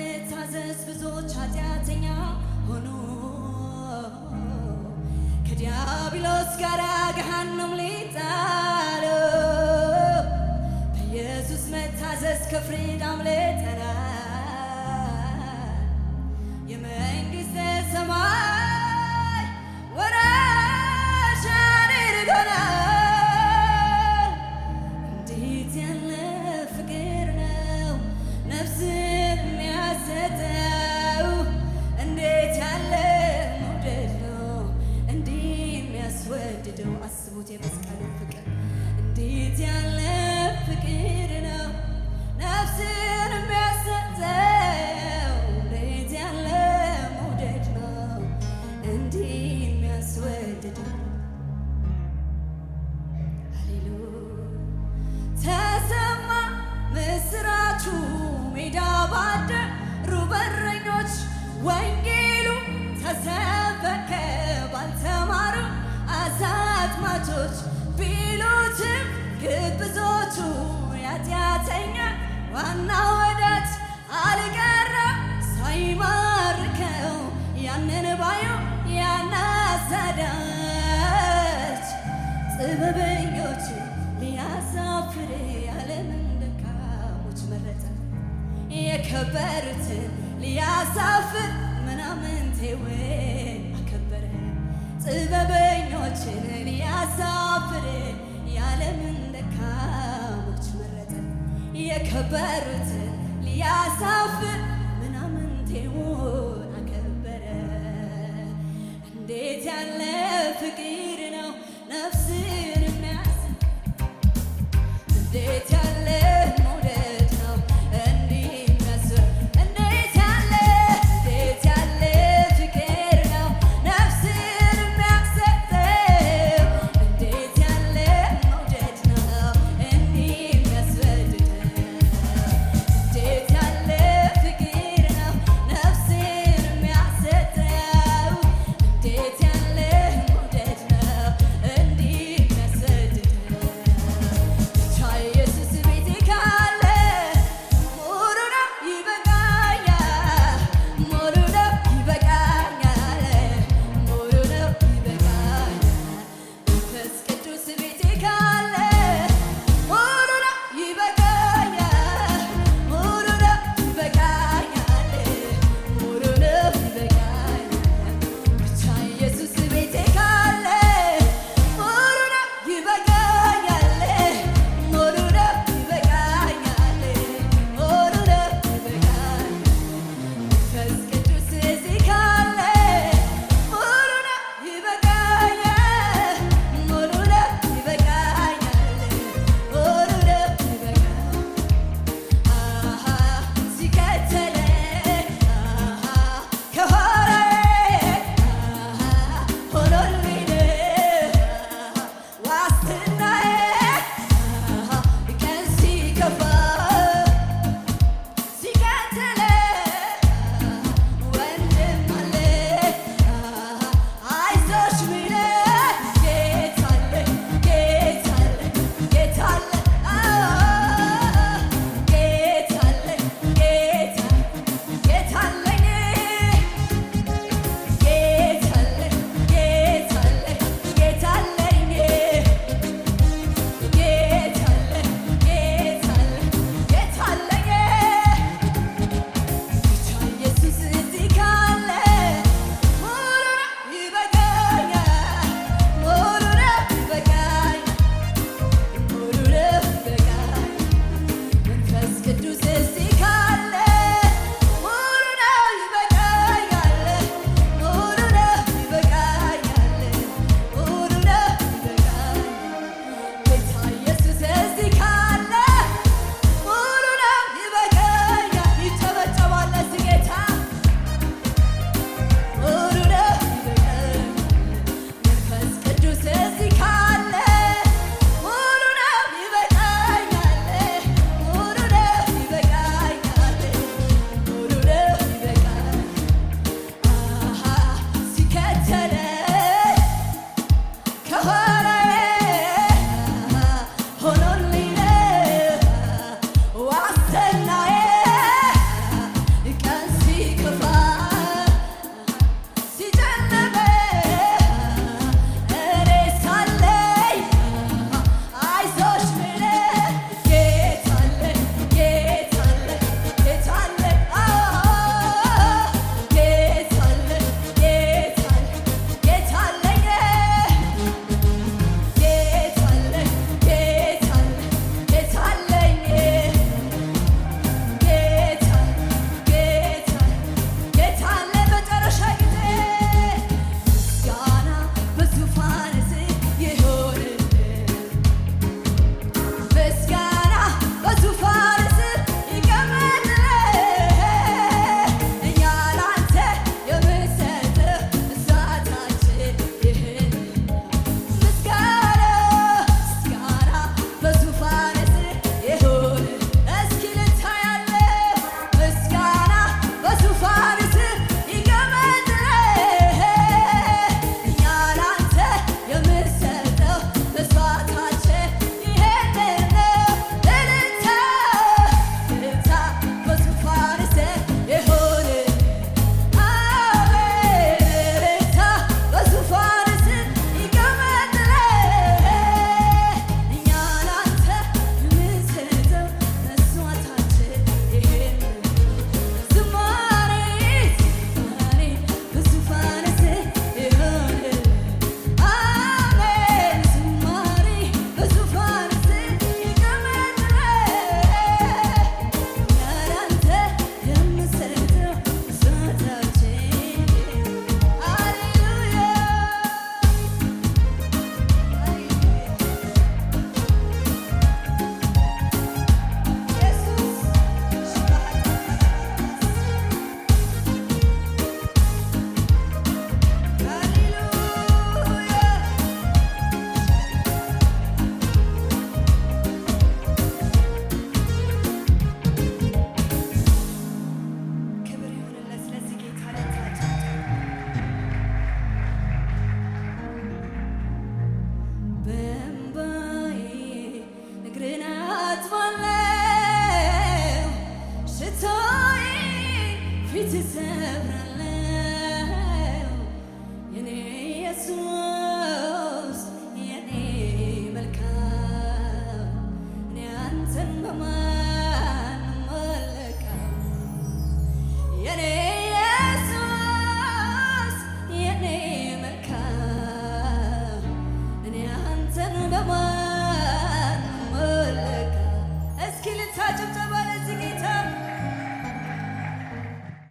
በመታዘዝ ብዙዎች ኃጢአተኛ ከዲያብሎስ ጋር ገሃነም ሊጣሉ በኢየሱስ መታዘዝ ተሰበከ ባልተማሩ አሳጥማጆች ቢሉትም ግብዞቹ ያጢአተኛ ዋና አልቀረም ሳይማ ዓለምን ደካሞች መረጠ የከበሩትን ሊያሳፍር ምናምንቴውን አከበረ እንዴት ያለ ፍቅር ፊት ሰብራለው የኔ ኢየሱስ የኔ መልካም እኔ አንተን በማን መለካ የኔ